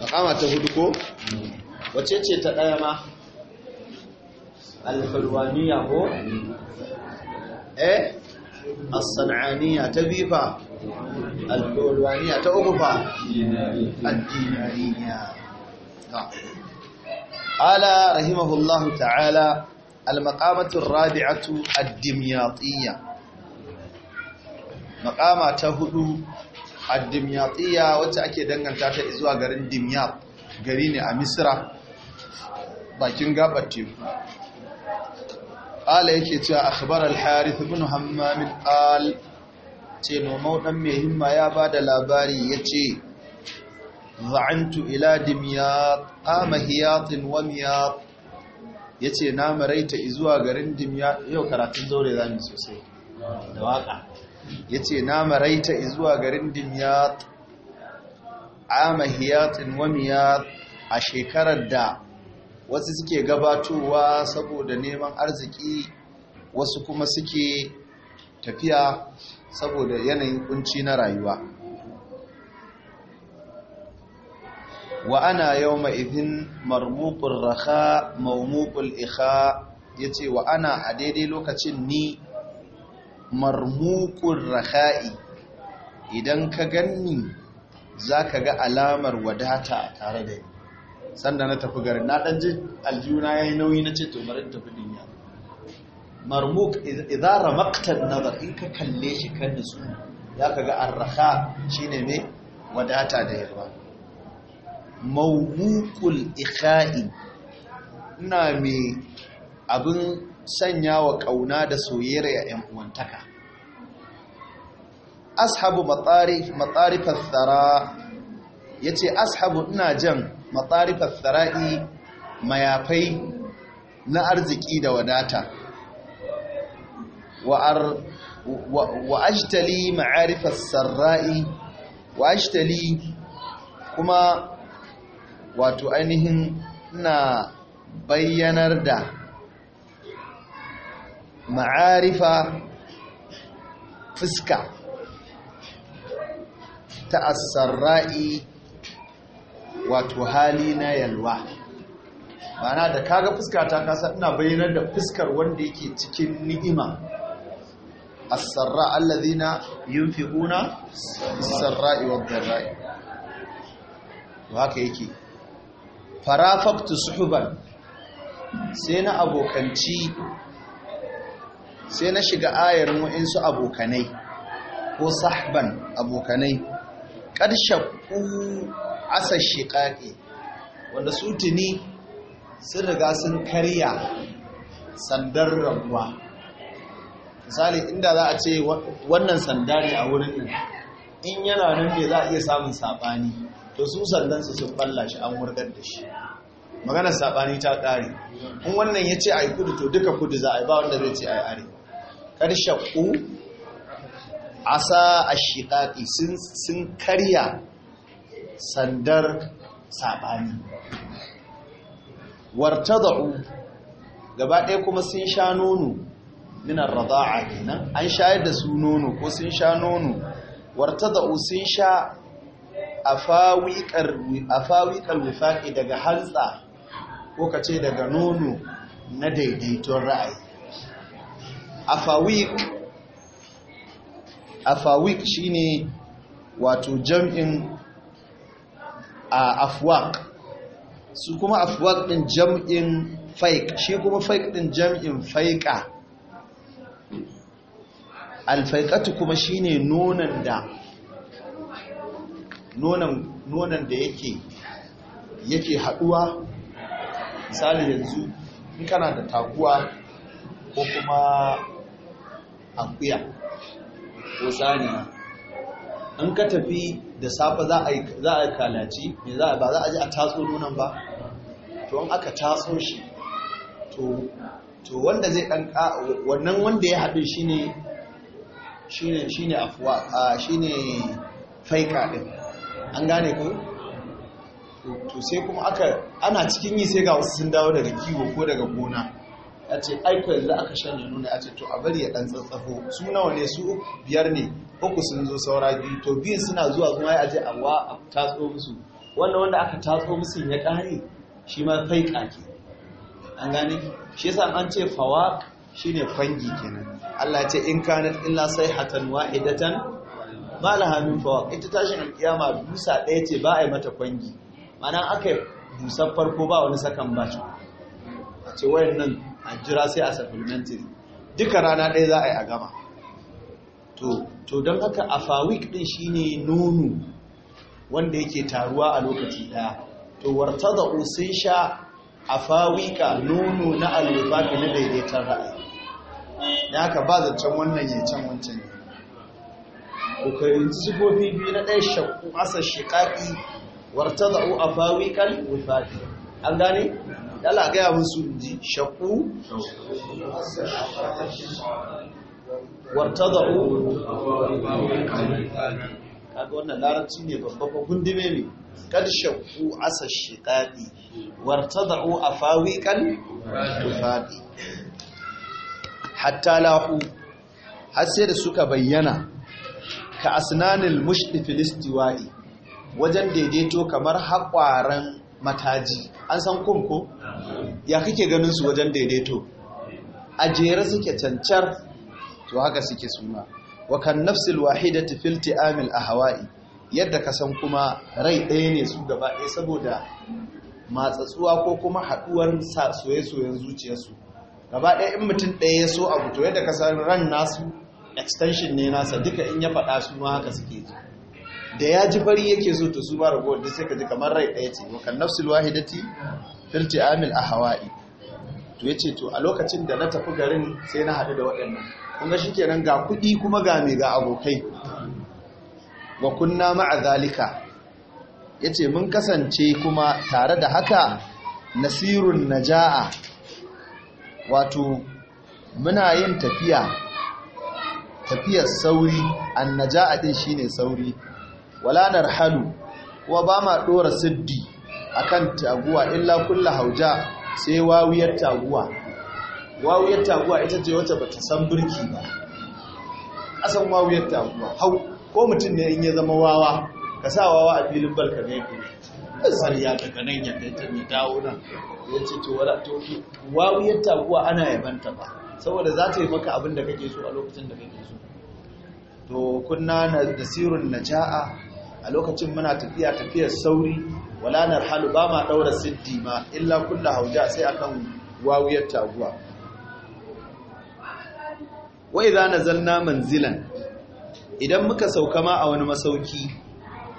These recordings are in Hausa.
makama ta hudu ko wace ce ta ɗaya ma alfalwaniya ko eh as-san'aniya ta bifa alfalwaniya ta uku fa addinariya ala rahimahullahu ta'ala المقامة الرابعة الدمياطية مقامة تهدو ad wacce ake danganta ta zuwa garin dimyat gari ne a Misira. bakin gabar teku ala yake cewa a al-harith ibn hammam al ce nomau dan mai himma ya ba da labari ce za'antu ila a mahiyatin wa miyat ce na maraita zuwa garin dimyat yau karatun zaure mu sosai da waka ya ce na maraita zuwa garin dimyat a mahiyatin a shekarar da wasu suke gabatowa saboda neman arziki wasu kuma suke tafiya saboda yanayin kunci na rayuwa wa ana yau ma'izin marmukul raha maumukul iha ya ce wa ana a daidai lokacin ni marmukun raha'i idan ka ganni za ka ga alamar wadata tare da yi sanda na tafi garin na ɗan ji aljuna ya yi nauyi na ce to bari tafi duniya marmuk idan ramaktar nazar in ka kalle shi kan su za ka ga raha shi ne mai wadata da yarwa mawukul ikha'i ina mai abin sanya wa ƙauna da soyayyar ‘yan uwantaka. Ashabu matsarifar tsara ya ce, Ashabu ina jan matsarifar tsara'i mayafai na arziki da wadata, wa ajitali ma'arifar sarra'i, wa ajitali kuma wato ainihin na bayyanar da ma'arifa fuska ta asarra'i wato hali na yalwa mana da kaga fuska ta kasa ina bayyana da fuskar wanda yake cikin ni'ima asarra allazina yunfiquna asarra'i wa dharra'i haka yake farafaktu suhuban sai na abokanci sai na shiga ayar waɗansu abokanai ko sahban abokanai ku asar shiƙaƙi wanda su tuni sun riga sun karya sandar rabuwa misali inda za a ce wannan sanda ne a wurin nan in yana nan ne za a iya samun saɓani to su su sun balla shi an wurgar da shi maganar saɓani ta ƙare in wannan ya ce a yi kudu to duka kudu za a yi ba wanda zai ce a yi arewa ƙarshaku asa a shiƙaƙi sun karya sandar saɓani wartada'u gaba ɗaya kuma sun sha nono minar rada'a kenan an shayar da su nono ko sun sha nono Warta da wartada'u sun sha fawikar wifaƙi daga hantsa ko ka ce daga nono na daidaiton ra'ayi afawik afawik shine wato jam'in a afwaq su kuma afwak din jam'in faik shi kuma faik din jam'in faika alfaikatu kuma shine nonan da nonan nonan da yake yake haduwa misali yanzu in kana da taguwa ko kuma akuya ko saniya in ka tafi da safe za a yi kalaci me za ba za a ji a taso nunan ba to an aka taso shi to wanda zai dan wannan wanda ya haɗu shine shine shine afwa shine faika din an gane ko to sai kuma aka ana cikin yi sai ga wasu sun dawo daga kiwo ko daga gona ya ce aiko yanzu aka shanye nuna ya ce to a bari ya dan tsatsafo su nawa ne su biyar ne uku sun zo saura biyu to biyun suna zuwa kuma ya aje awa a tatso musu wannan wanda aka tatso musu ya kare shi ma fai kake an gane shi yasa an ce fawaq shine fangi kenan Allah ya ce in kanat illa sayhatan wahidatan ma laha min fawaq ita tashin alkiyama dusa ɗaya ce ba a yi mata fangi ma'ana aka dusar farko ba wani sakan ba ce wayannan a jira sai a supplementary duka rana ɗaya za a yi a gama to don haka a fawik ɗin ne nono wanda yake taruwa a lokaci ɗaya to warta da sun sha a fawika nono na alwifaki na daidaitar ra'ayi ya haka ba zancen wannan ya can wancan ne ƙoƙarin sifofi biyu na ɗaya shakku asa shiƙaƙi warta da a fawikan wifaki an gane dala gaya musu ji shakku wartada'u kaga wannan larabci ne babba ko gundume ne kad shakku asa shiqaqi wartada'u afawiqan tufadi hatta lahu har sai da suka bayyana ka asnanil mushdi filistiwa'i wajen daidaito kamar haƙwaran mataji an san kum ko ya kake ganin su wajen daidaito a jere suke cancar to haka suke suna wa kan nafsil wahidati fil ti'amil ahwa'i yadda ka san kuma rai ɗaya ne su gaba ɗaya saboda matsatsuwa ko kuma haɗuwar soye-soyen zuciyarsu gaba ɗaya in mutum ɗaya ya so abu to yadda ka san ran nasu extension ne nasa duka in ya faɗa su ma haka suke ji da ya ji bari yake so to su ma ragowar da sai ka ji kamar rai ɗaya ce wa kan nafsul wahidati firti amil a hawa'i to ya ce to a lokacin da na tafi garin sai na haɗu da waɗannan kun ga shikenan ga kuɗi kuma ga mai ga abokai wa kunna ma'a zalika ce mun kasance kuma tare da haka nasirun naja'a wato muna yin tafiya tafiyar sauri annaja'a din shine sauri wala narhalu kuma ba ma dora siddi akan taguwa illa kullu hauja sai wawiyar taguwa wawiyar taguwa ita ce wacce bata san birki ba kasan wawiyar taguwa hau ko mutum ne in ya zama wawa ka sa wawa a filin barka ne sar ya daga nan ya kai ya dawo nan ya ce to wala to wawiyar taguwa ana yabanta ba saboda za ta yi maka abin da kake so a lokacin da kake so to kunna nasirun naja'a a lokacin muna tafiya tafiyar sauri wala narhalu ba ma ɗaura siddi ma illa kulla hauja sai akan wawiyar taguwa Wai za na zanna manzilan idan muka sauka ma a wani masauki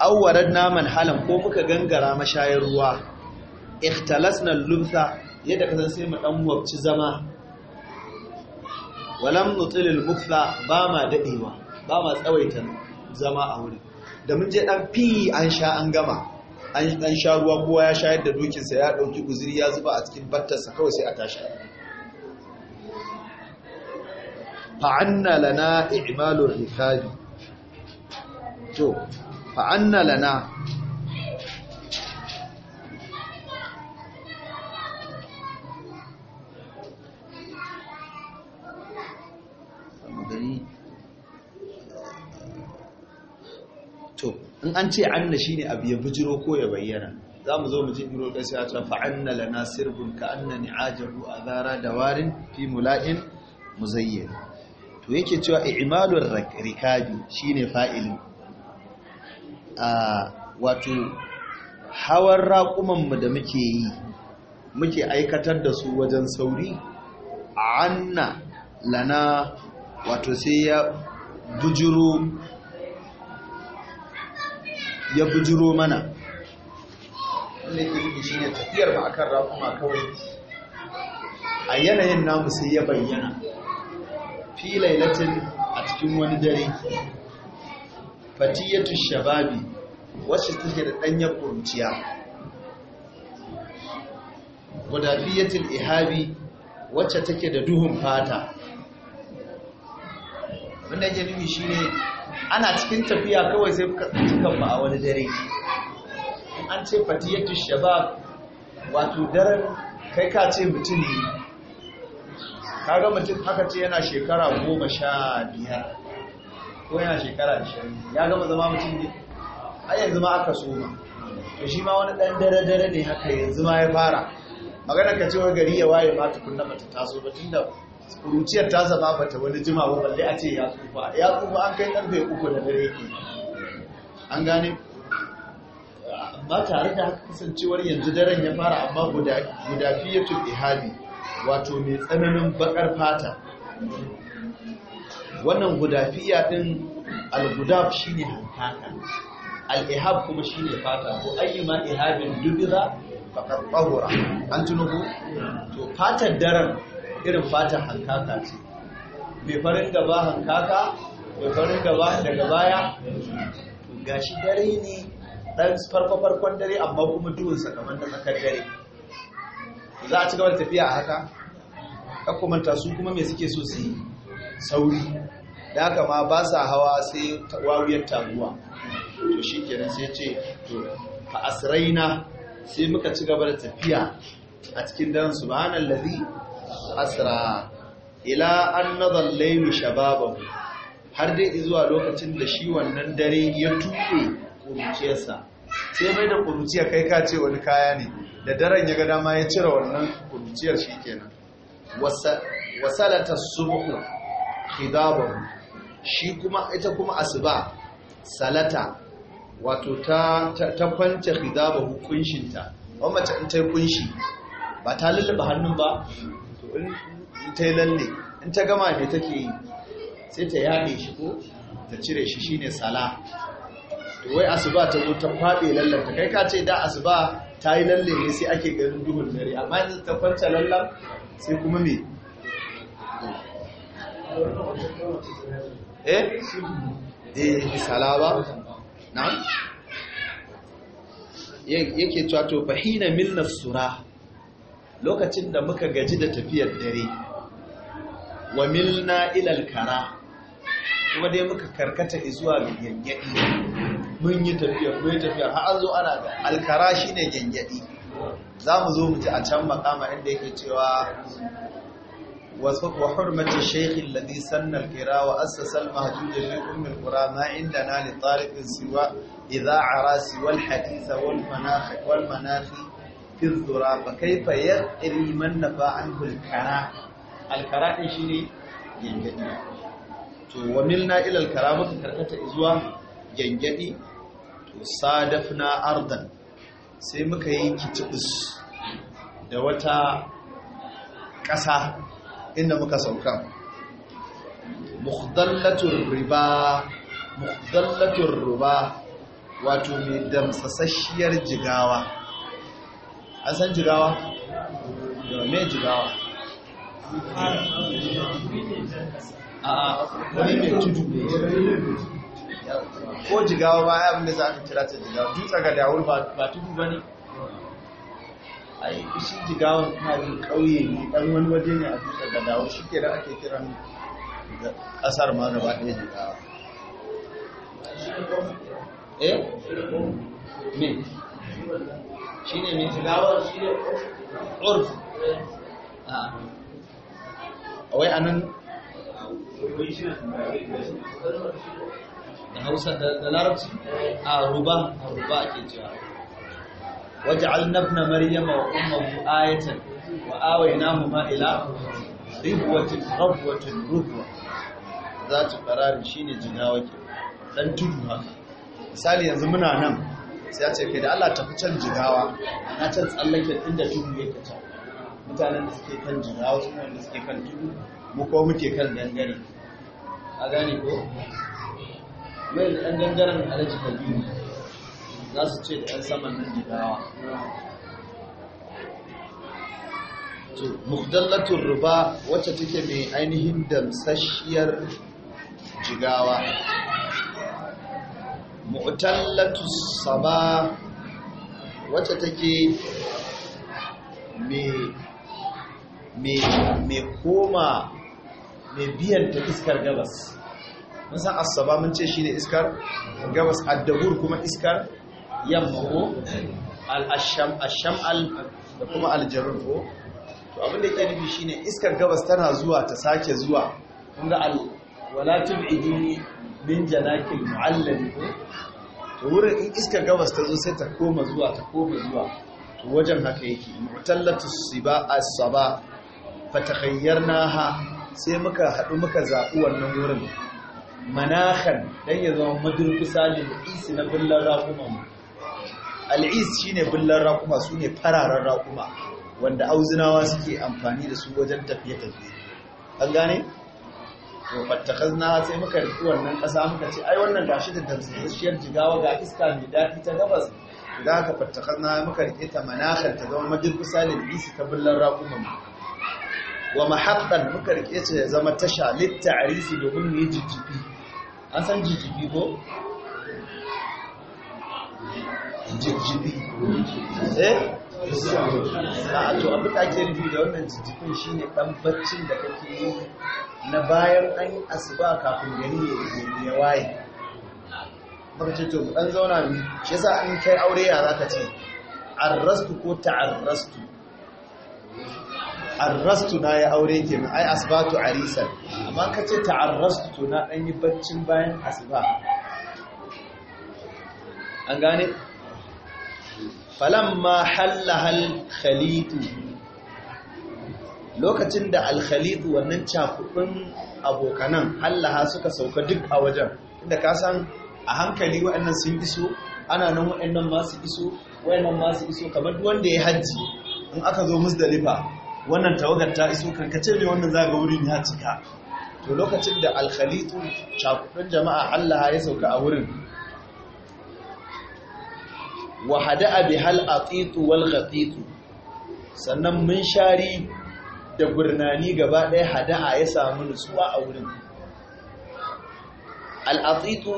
auwarar naman halan ko muka gangara mashayar ruwa ikhtalas na lubtha yadda ka sai mu dan wabci zama walam nutilil muktha ba ma daɗewa, ba ma tsawaita zama a wurin da mun je dan fi an sha an gama an sha ruwa kowa ya shayar da dokinsa ya ɗauki guziri ya zuba a cikin battarsa kawai sai a tashi fa'anna lana i'malu rikabi to fa'anna lana to in an ce anna shine abu ya bijiro ko ya bayyana za mu zo mu ji biro ɗaya sai a can fa'anna lana sirbun ka anna ni'ajahu azara da warin fi mula'in muzayyin to yake cewa i'malur rikabi shine fa'ilin a wato hawan raƙuman mu da muke yi muke aikatar da su wajen sauri anna lana wato sai ya bujiro ya bujiro mana wanda ke shi ne tafiyar ma akan rakuma kawai a yanayin namu sai ya bayyana fi latin a cikin wani dare fatiyatu shababi wacce take da ɗanyar Guda wadafiyatul ihabi wacce take da duhun fata wanda yake nufi ne. ana cikin tafiya kawai sai muka tsinci kanmu a wani dare an ce fatiyatu shabab wato daren kai ka ce mutum ne kaga mutum haka ce yana shekara goma sha biyar ko yana shekara ashirin ya gama zama mutum ne a yanzu ma aka soma to shi ma wani ɗan dare-dare ne haka yanzu ma ya fara magana ka ce wa gari ya waye ba tukunna mata taso ba da kuruciyar ta zama bata wani jima ba balle a ce ya tsufa ya tsufa an kai karfe uku da dare ke an gane Ba tare da haka kasancewar yanzu daren ya fara amma guda fiye tun ihadi, wato mai tsananin bakar fata wannan guda fiya din al-gudaf shine hankaka al-ihab kuma shine fata ko ayyuma ihabin dubiza fakar tahura an tunubu to fatar daren irin fatan hankaka ce mai farin gaba hankaka mai farin gaba daga baya gashi dare ne dan farko-farkon dare amma kuma duhunsa kamar da tsakar dare za a ci gaba da tafiya a haka kakumanta su kuma mai suke so su yi sauri da haka ma ba sa hawa sai wawiyar taguwa to shi kenan sai ce to fa na sai muka ci gaba da tafiya a cikin daren subhanallazi asra ila an nazar laylu shababahu har dai zuwa lokacin da shi wannan dare ya tuke kuruciyarsa sai mai da kuruciya kai ka ce wani kaya ne da daren ya ga dama ya cire wannan kuruciyar shi kenan wasalata subhu khidabahu shi kuma ita kuma asuba salata wato ta ta kwance khidabahu kunshinta wannan mace in ta kunshi ba ta lullube hannun ba ta yi lalle in ta gama ne take yi sai ta yaɗe shi ko ta cire shi shine sala to wai asuba ta zo ta faɗe lallar ta kai ka ce da asuba ta yi lalle ne sai ake ganin duhun dare amma yanzu ta kwanta lallan sai kuma me eh eh sala ba yake cewa to fahina min surah lokacin da muka gaji da tafiyar dare wa milna ilal kara kuma dai muka karkata zuwa ga gengedi mun yi tafiyar mun yi tafiyar har zo ana ga alkara shine gengedi za mu zo mu ji a can makama inda yake cewa wa hurmati shaykhin ladhi sannan alkira wa assasa almahjud li umm alqura ma indana na inda na idha arasi wal hadith wal manakh wal manafi. في الذرى فكيف يقري من نفى عنه الكرى الكرى shi ne, جنجدي to wamilna ila alkara muka karkata izuwa, gyangyadi to sadafna ardan sai muka yi kitibus da wata ƙasa inda muka sauka mukhdallatur riba ruba wato mai damsasasshiyar jigawa an san jigawa me jigawa a wani mai tudu ko jigawa ba ya da za a kira ta jigawa dutse ga dawul ba tudu ba ne ai shi ta yi ƙauye ne ɗan wani waje ne a dutse ga dawul shi ke da ake kiran ƙasar ma gaba ɗaya jigawa eh ne shine ne mai tilawar shi ne urf a ah. wai anan da hausa da larabci a ah, ruba a ruba ake cewa waj'al nabna maryama wa ummuhu ayatan wa awaynahuma ila ribwatin rabwatin rubwa Zatu qararin shine jinawa ke dan tudu haka misali yanzu muna nan sai ya ce kai da Allah tafi can jigawa na can tsallake inda tudu ya can mutanen da suke kan jigawa su wanda suke kan tudu mu ko muke kan gangare a gane ko mai da ɗan gangaren alaji kabiru za su ce da ɗan saman nan jigawa muhdallatul ruba wacce take mai ainihin damsashiyar jigawa mu'tallatus saba wacce take mai koma mai biyan ta iskar gabas mun san asaba mun ce shi ne iskar gabas addabur kuma iskar yamma ko al-asham al da kuma al-jarur ko to abin da yake nufi shine iskar gabas tana zuwa ta sake zuwa kun ga al walatul idini min janakin mu'allali ko to wurin in iskar gabas ta zo sai ta koma zuwa ta koma zuwa to wajen haka yake mu'tallatu siba as-saba fatakhayyarnaha sai muka haɗu muka zaɓi wannan wurin manakhan dan ya zama madurkusa ne isi na billan raquma mu is shine billan raƙuma sune ne fararen raƙuma wanda auzinawa suke amfani da su wajen tafiye-tafiye an gane to fattakhazna sai muka riki wannan kasa muka ce ai wannan gashi da damsasshiyar jigawa ga iska mai daɗi ta gabas da aka fattakazna muka rike ta manakar ta zama kusa da isi ta bullan raƙuman wa mahaqqan muka rike ta ya zama tasha litta'risi domin mu yi jijjibi an san jijjibi ko jijjibi eh a to abin da ake nufi da wannan shi ne dan baccin da kake yi na bayan an asuba kafin gari ya waye baka ce to dan zauna mi shi yasa an kai aure ya zaka ce arrastu ko ta'arrastu arrastu na ya aure ke mai, ai asbatu arisan amma ka ce ta'arrastu to na dan yi baccin bayan asuba an gane falamma ma khalitu lokacin da alkhalitu wannan cakuɗin abokanan hallaha suka sauka duk a wajen inda ka san a hankali wa'annan sun iso ana nan ma masu iso ma masu iso kamar wanda ya hajji in aka zo musdalifa wannan tawagar ta iso karkace ne wannan zaga wurin ya cika to lokacin da alkhalitu cakuɗin jama'a hallaha ya sauka a wurin wa hada'a hal atitu wal khatitu sannan mun shari da gurnani gaba ɗaya hada'a ya samu nutsuwa a wurin al'atitu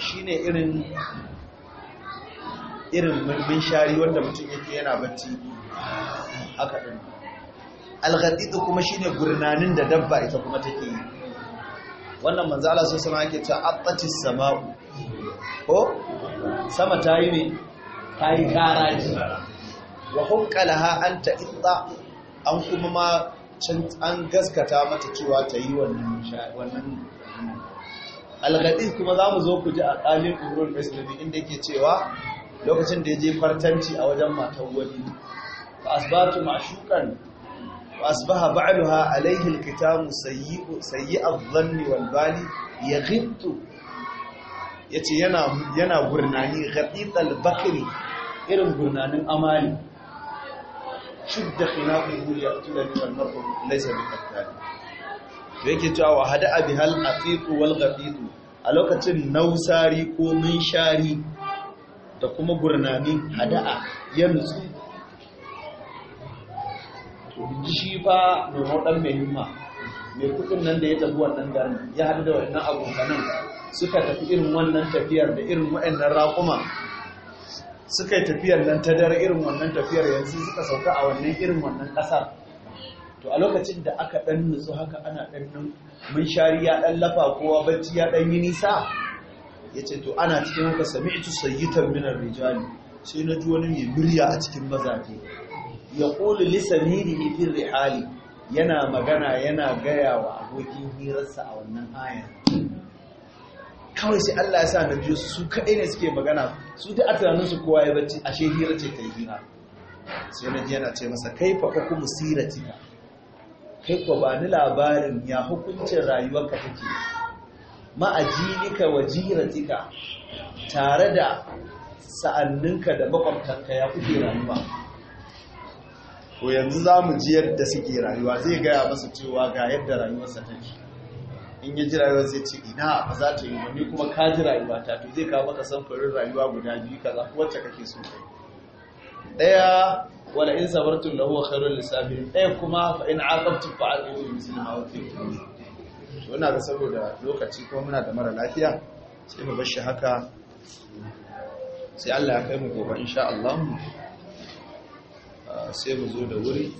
shine irin irin mun shari wanda mutum yake yana bacci haka ɗin al khatitu kuma shine gurnanin da dabba ita kuma take yi wannan manzo Allah sallallahu alaihi wasallam yake ta attatis sama'u ko sama ta yi ne ta yi kara ji wa hukkalaha an ta itsa an kuma ma an gaskata mata cewa ta yi wannan algadis kuma zamu zo ku ji a ƙalin urul musulmi inda yake cewa lokacin da ya je kwartanci a wajen matan wani fa asbatu mashukan wa asbaha ba'luha alayhi alkitamu sayyi'u sayyi'u adh-dhanni wal bali yaghittu ya ce yana gurnani gatsitsal bakiri irin gurnanin amali shudda khinafi wuri a tulani wannan laisa da kattali to yake cewa wa hada abi hal afiqu wal a lokacin nausari ko minshari da kuma gurnani hada'a ya nutsu to shi fa mai dan mai himma mai kuɗin nan da ya tafi wannan garin ya haɗu da wannan abokanan suka tafi irin wannan tafiyar da irin wa'annan raƙuma suka yi tafiyar nan ta dare irin wannan tafiyar yanzu suka sauka a wannan irin wannan ƙasar to a lokacin da aka ɗan nutsu haka ana ɗan nan mun shari ya ɗan lafa kowa bacci ya ɗan yi nisa ya ce to ana cikin haka sami ita sayyitar minar rijali sai na ji wani mai murya a cikin mazaje ya ƙoli lisaniri ifin rihali yana magana yana gaya wa abokin hirarsa a wannan ayar kawai sai Allah ya sa na biyu su kaɗai ne suke magana su ta a tunanin su kowa ya bacci ashe hira ce ta hira sai na ji yana ce masa kai fa sirati siratika kai ko ba ni labarin ya hukuncin rayuwar rayuwarka take nika wa ka tare da sa'anninka da makwabtanka ya kuke rayuwa ko yanzu za mu ji yadda suke rayuwa zai gaya masa cewa ga yadda rayuwarsa take in ya ji rayuwa zai ce ina ba za ta yi ba ni kuma ka ji rayuwa ta to zai kawo maka samfurin rayuwa guda biyu kaza wacce kake so kai daya wala in sabartum lahu khairul lisabirin daya kuma fa in aqabtum fa aqimu mislima wa taqimu to ina ga saboda lokaci kuma muna da mara lafiya sai mu bar shi haka sai Allah ya kai mu gobe insha Allah ah, sai mu zo da wuri